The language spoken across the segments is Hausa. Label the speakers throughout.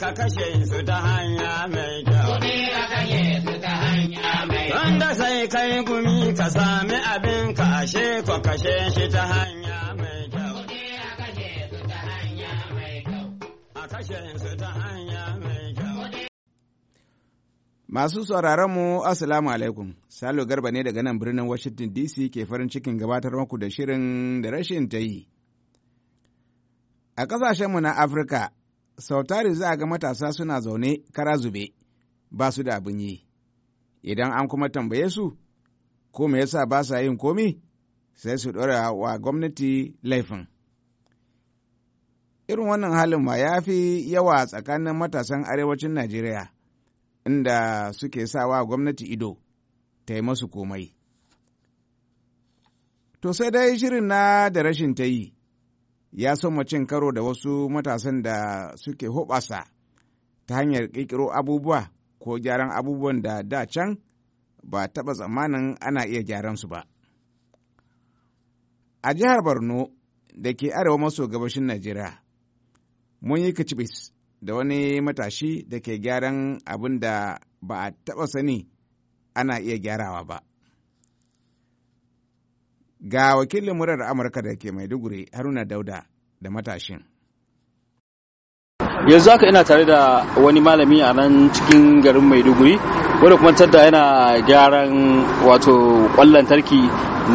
Speaker 1: ka kashe su ta hanya mai kyau. ka kashe su ta hanya mai kyau. Wanda sai kai gumi ka sami
Speaker 2: abin ka ashe ko kashe shi ta hanya mai kyau.
Speaker 1: A kashe ta hanya mai kyau.
Speaker 3: Masu sauraron mu Assalamu alaikum. Salo Garba ne daga nan birnin Washington DC ke farin cikin gabatar muku da shirin da rashin ta yi. A ƙasashenmu na Afirka, sau tari za a ga matasa suna zaune kara zube ba su da abin yi idan an kuma tambaye su ko me yasa ba sa yin komi sai su ɗora wa gwamnati laifin irin wannan halin ma ya fi yawa tsakanin matasan arewacin najeriya inda suke sawa gwamnati ido ta yi masu komai to sai dai shirin na da rashin ta yi ya soma cin karo da wasu matasan da suke hoɓasa ta hanyar ƙirƙiro abubuwa ko gyaran abubuwan da da can ba taɓa tsammanin ana iya gyaran su ba. A jihar Borno da ke arewa maso gabashin Najeriya, mun yi kacibis da wani matashi da ke gyaran abin da ba a taɓa sani ana iya gyarawa ba. Ga wakilin murar Amurka da ke Maiduguri Haruna Dauda da matashin.
Speaker 4: yanzu haka ina tare da wani malami a nan cikin garin maiduguri wanda kuma tadda yana gyaran wato kwallon tarki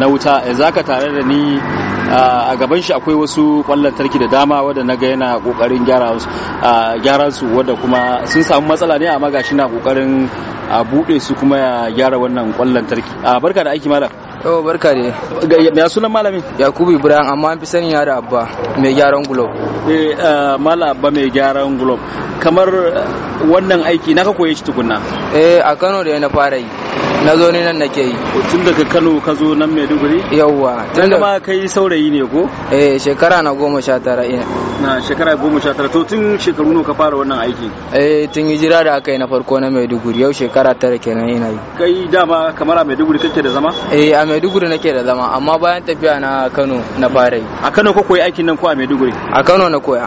Speaker 4: na wuta yanzu haka tare da ni a gaban shi akwai wasu kwallon tarki da dama wadda na ga yana kokarin gyara su wadda kuma sun samu matsala ne amma gashi na kokarin a bude su kuma ya gyara wannan kwallon tarki barka da aiki malam Yau barka ne. Ya sunan malamin? Yakubu Ibrahim amma an fi sanin yara abba mai gyaran gulob. Eh, eh mala abba mai gyaran gulob. Kamar eh, wannan aiki naka koye shi tukunna. Eh a Kano da na fara yi. na zo ni nan nake yi tun daga kano ka zo nan maiduguri yawwa tun da ma kai saurayi ne ko eh shekara na goma sha tara ina na shekara goma sha tara to tun shekaru nawa ka fara wannan aiki eh tun hijira da aka yi na farko na maiduguri yau shekara tara kenan ina yi kai dama kamar a maiduguri kake da zama eh a maiduguri nake da zama amma bayan tafiya na kano na fara yi a kano ko koyi aikin nan ko a maiduguri a kano na koya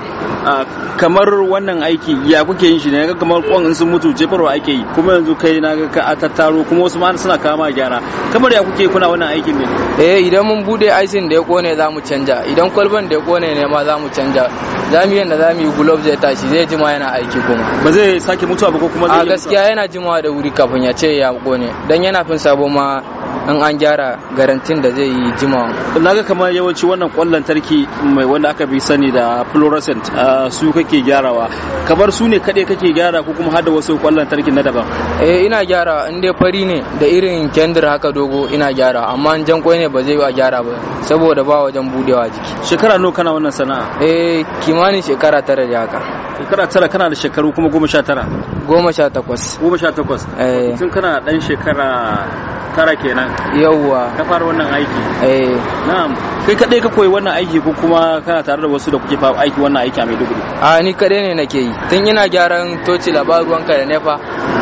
Speaker 4: kamar wannan aiki ya kuke yin shi ne kamar kwan sun mutu jefarwa ake yi kuma yanzu kai na ga ka a tattaro kuma wasu ma suna kama gyara kamar ya kuke kuna wannan aikin ne eh idan mun bude aisin da ya kone za mu canja idan kwalban da ya kone ne ma za mu canja za da yi yi gulob zai tashi zai jima yana aiki kuma ba zai sake mutuwa ba ko kuma zai a gaskiya yana jimawa da wuri kafin ya ce ya kone dan yana fin sabo ma in an gyara garantin da zai yi jimawa. ga kamar yawanci wannan kwallon lantarki mai wanda aka fi sani da fluorescent ah, su kake gyarawa. Kamar su ne kaɗai kake gyara ko kuma hada wasu kwallon lantarki na daban. Eh ina gyara in dai fari ne da irin kendir haka dogo ina gyara amma jan ne ba zai yi a gyara ba saboda ba wajen budewa jiki. Shekara nawa kana wannan sana'a? Eh kimanin shekara tara da haka. Shekara tara kana da shekaru kuma goma sha tara. Goma sha takwas. Goma sha takwas. Eh. Tun kana ɗan shekara tara kenan yawwa ka fara wannan aiki eh na'am kai kadai ka koyi wannan aiki ko kuma kana tare da wasu da kuke fara aiki wannan aiki a Maiduguri a ni kadai ne nake yi tun ina gyaran toci labaruwanka da nefa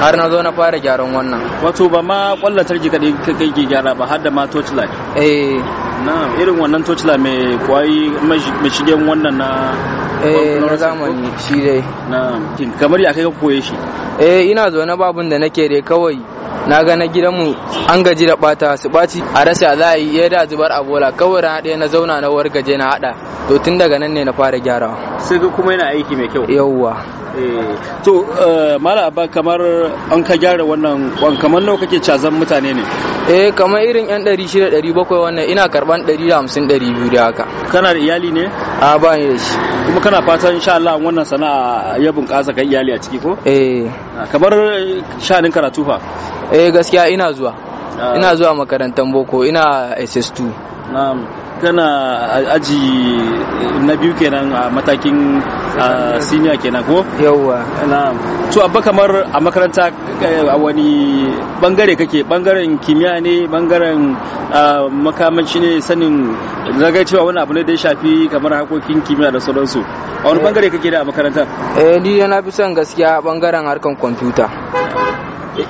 Speaker 4: har na zo na fara gyaran wannan wato ba ma kwallon tarki kadai kai ke gyara ba har da ma toci light eh naam irin wannan toci la mai kwai mai shigen wannan na eh na zamani shi dai naam kamar ya kai ka koye shi eh ina zo na babun da nake dai kawai na ga na gidan mu an gaji da bata su baci a rasa za a yi da zubar a bola kawai rana ɗaya na zauna na gaje na haɗa to tun daga nan ne na fara gyarawa sai ga kuma yana aiki mai kyau yawwa eh. to eh, mala abba kamar an ka gyara wannan kwan kamar nawa kake cazan mutane ne eh kamar irin yan 600 700 wannan ina karban 150 200 da haka kana da iyali ne a ba ni da shi kuma kana fatan insha Allah wannan sana'a ya bunƙasa kai iyali a ciki ko eh ah, kamar sha'anin karatu fa eh gaskiya ina zuwa ah. ina zuwa makarantar boko ina SS2 na'am kana aji na biyu kenan a matakin senior kenan ko yawwa na'am to abba kamar a makaranta eh, a wani bangare kake bangaren kimiyya ne bangaren makamanci ne sanin zagai cewa wani abu ne da ya shafi kamar harkokin kimiyya da sauransu a wani eh. bangare kake da a makaranta eh ni yana fi son gaskiya bangaren harkan kwamfuta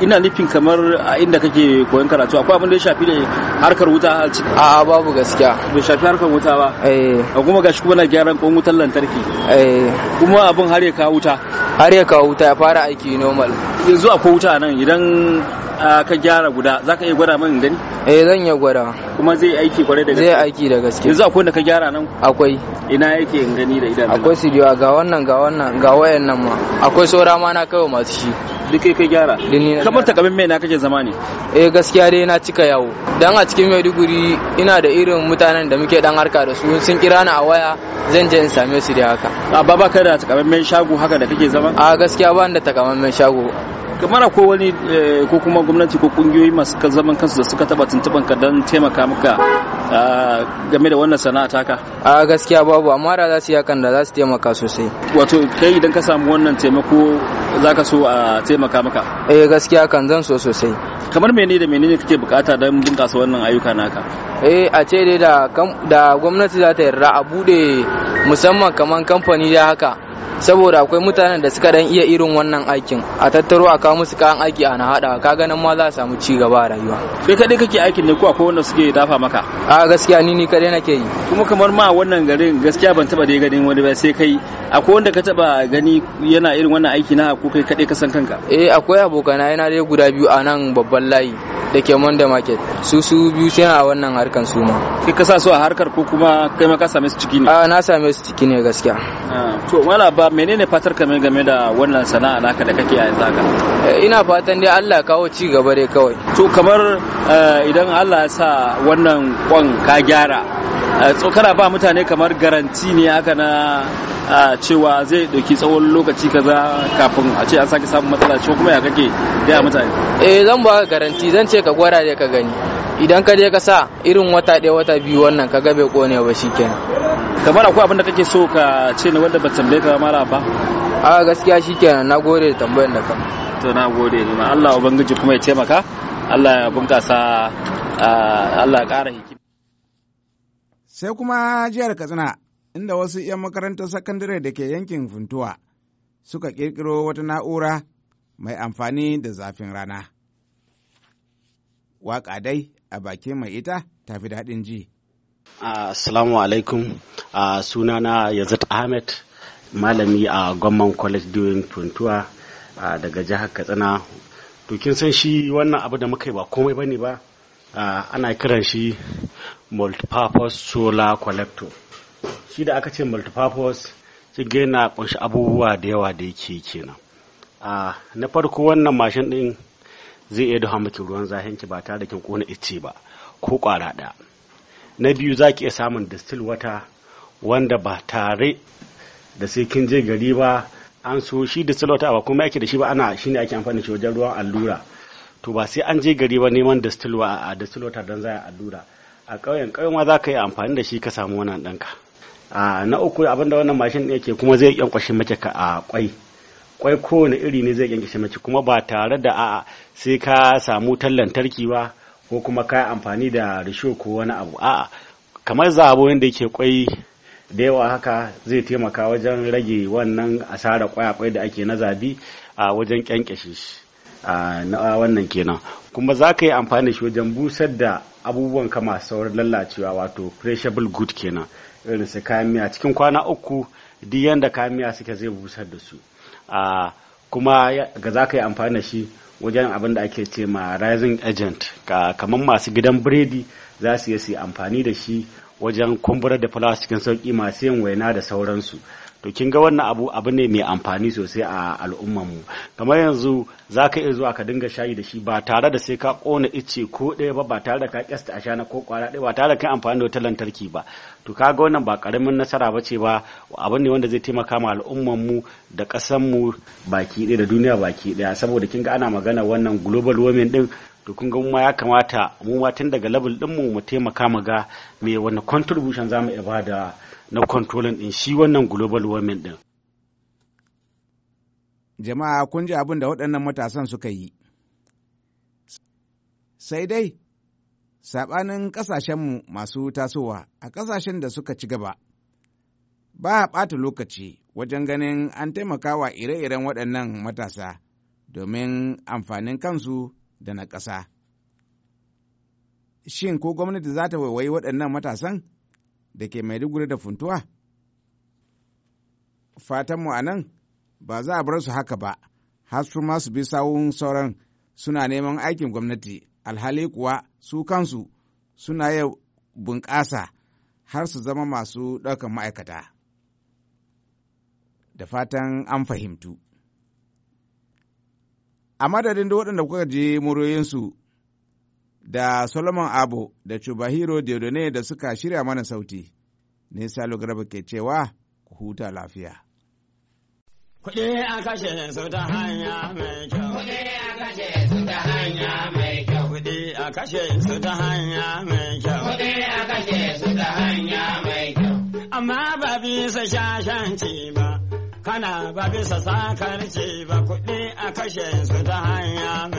Speaker 4: ina nufin kamar a inda kake koyon karatu akwai abin da ya shafi da harkar wuta a ciki a babu gaskiya bai shafi harkar wuta ba eh kuma gashi kuma na gyaran kon wutar lantarki eh kuma abin har ya kawo wuta har ya kawo wuta ya fara aiki normal yanzu akwai wuta nan idan ka gyara guda za ka iya gwada min gani eh zan iya gwada kuma zai aiki kwarai da gaske zai aiki da gaske yanzu akwai da ka gyara nan akwai ina yake in gani da idan akwai studio ga wannan ga wannan ga wayan nan ma akwai saura ma na kawo masu shi duk kai ka gyara kamar takamin mai na kake zama ne eh gaskiya dai na cika yawo dan a cikin Maiduguri ina da irin mutanen da muke dan harka da su sun kira ni a waya zan je in same su da haka a ba ba ka da takamaiman shago haka da kake zama a gaskiya ba da takamaiman shago kamar akwai wani eh, ko kuma gwamnati ko kungiyoyi masu zaman kansu da suka taba tuntuban ka don taimaka maka ah, game da wannan sana'a taka a gaskiya babu amma da za su yakan da za su taimaka sosai wato kai idan ka samu wannan taimako za ka so a taimaka maka eh gaskiya kan zan so sosai kamar menene da menene kake bukata don bunkasa wannan ayyuka naka eh a ce dai da gwamnati za ta yarda a bude musamman kamar kamfani ya haka saboda akwai mutanen da suka dan iya irin wannan aikin a tattaro a kawo musu kayan aiki ana hada ka ganin ma za a samu ci gaba a rayuwa kai kadai kake aikin ne ko akwai wanda suke dafa maka a gaskiya ni ni kadai nake yi kuma kamar ma wannan garin gaskiya ban taba dai ganin wani ba sai kai akwai wanda ka taba gani yana irin wannan aiki na ko kai kadai ka san kanka eh akwai abokana yana dai guda biyu a nan babban layi da ke Monday market su su biyu suna a wannan harkan su ma kai ka sa su a harkar ko kuma kai ma ka same su ciki ne a na same su ciki ne gaskiya ah, to mala ba menene fatar ka game da wannan sana'a naka da kake yanzu haka eh, ina fatan dai Allah kawo ci gaba dai kawai to kamar eh, idan Allah ya sa wannan kwan ka gyara eh, tsokara ba mutane kamar garanti ne haka na cewa zai dauki tsawon lokaci kaza kafin a ce an saki samun matsala ce kuma ya kake da mutane eh zan ba garanti zan ce ka gwada dai ka gani idan ka je ka sa irin wata ɗaya wata biyu wannan ka ga bai kone ba shikenan kamar akwai abin da kake so ka ce na wanda ba tambaye ka mara ba a gaskiya shikenan na gode da tambayar da ka to na gode na Allah ubangiji kuma ya taimaka Allah ya bunkasa Allah ya kara hikima
Speaker 3: sai kuma jihar Katsina inda wasu 'yan makarantar sakandare da ke yankin Funtuwa suka kirkiro wata na'ura mai amfani da zafin rana. Waƙa dai a bakin mai ita tafi daɗin ji. Ah,
Speaker 2: assalamu alaikum ah, sunana Yazid Ahmed malami a Gwamman College doing Tuntuwa ah, daga jihar Katsina. To kin san shi wannan abu da muka yi ba komai bane ba ana kiran shi multipurpose solar collector. Shi da aka ce multipurpose shi yana kunshi abubuwa da yawa da yake kenan. na farko wannan mashin din zai iya duha miki ruwan zahinki ba tare da kin kona ice ba ko kwara ɗaya. na biyu za ki iya samun distil wata wanda ba tare da sai kin je gari ba an so shi distil wata ba kuma yake da shi ba ana shi ne ake amfani shi wajen ruwan allura to ba sai an je gari ba neman distil a distil wata don za a allura a ƙauyen ƙauyen ma za ka yi amfani da shi ka samu wannan ɗanka a na uku abin da wannan mashin ɗin yake kuma zai kyankwashe mace ka a kwai kwai kowane iri ne zai kyankwashe mace kuma ba tare da a sai ka samu wutar lantarki ba ko kuma ka amfani da risho ko wani abu a'a kamar zabo yadda yake kwai da yawa haka zai taimaka wajen rage wannan asara kwayakwai da ake na zabi a wajen kyankyashe shi na wannan kenan kuma za ka yi amfani da shi wajen busar da abubuwan ka masu saurin lallacewa wato perishable good kenan irin su kayan cikin kwana uku duk yanda kayan suke zai busar da su kuma ga za ka yi amfani da shi wajen abin da ake ce ma rising agent ka kamar masu gidan biredi za su yi amfani da shi wajen kumburar da fulawa cikin sauki masu yin waina da sauransu to kin ga wannan abu abu ne mai amfani sosai a al'ummar mu kamar yanzu za ka iya zuwa ka dinga shayi da shi ba tare da sai ka kona icce ko ɗaya ba ba tare da ka kyasta a shana ko kwara ɗaya ba tare da kai amfani da wata lantarki ba to ka ga wannan ba karamin nasara ba ce ba abu ne wanda zai taimaka ma al'ummar mu da kasar mu baki ɗaya da duniya baki ɗaya saboda kin ga ana magana wannan global warming din to kun ga ma ya kamata mu ma tun daga level din mu mu taimaka mu ga me wannan contribution zamu iya bada na controlling din shi wannan global warming din
Speaker 3: jama'a kun ji abin da waɗannan matasan suka yi sai dai saɓanin ƙasashenmu masu tasowa a ƙasashen da suka ci gaba ba a ɓata lokaci wajen ganin an taimaka wa ire-iren waɗannan matasa domin amfanin kansu da na ƙasa. Shin ko gwamnati za ta waiwayi waɗannan matasan? da ke mai maiduguri da funtuwa fatanmu a nan ba za a bar su haka ba har su ma su bi sawun sauran suna neman aikin gwamnati alhali kuwa su kansu suna yin bunƙasa har su zama masu ɗaukan ma'aikata da fatan an fahimtu a madadin da waɗanda kuka je moroyinsu. da Solomon Abu da Chubahiro Diodone da suka shirya mana sauti. Ne Salo Garba ke cewa ku huta lafiya.
Speaker 1: Kuɗi a kashe su ta hanya mai kyau. Kuɗi a kashe su ta hanya mai kyau. Kuɗi a kashe su ta hanya mai kyau. Kuɗi a kashe su ta hanya mai kyau. Amma ba bisa shashanci ba, kana ba bisa sakarci ba, kuɗi a kashe su ta hanya mai kyau.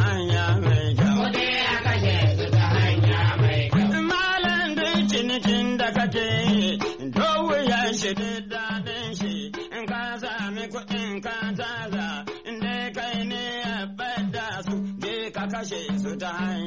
Speaker 3: die.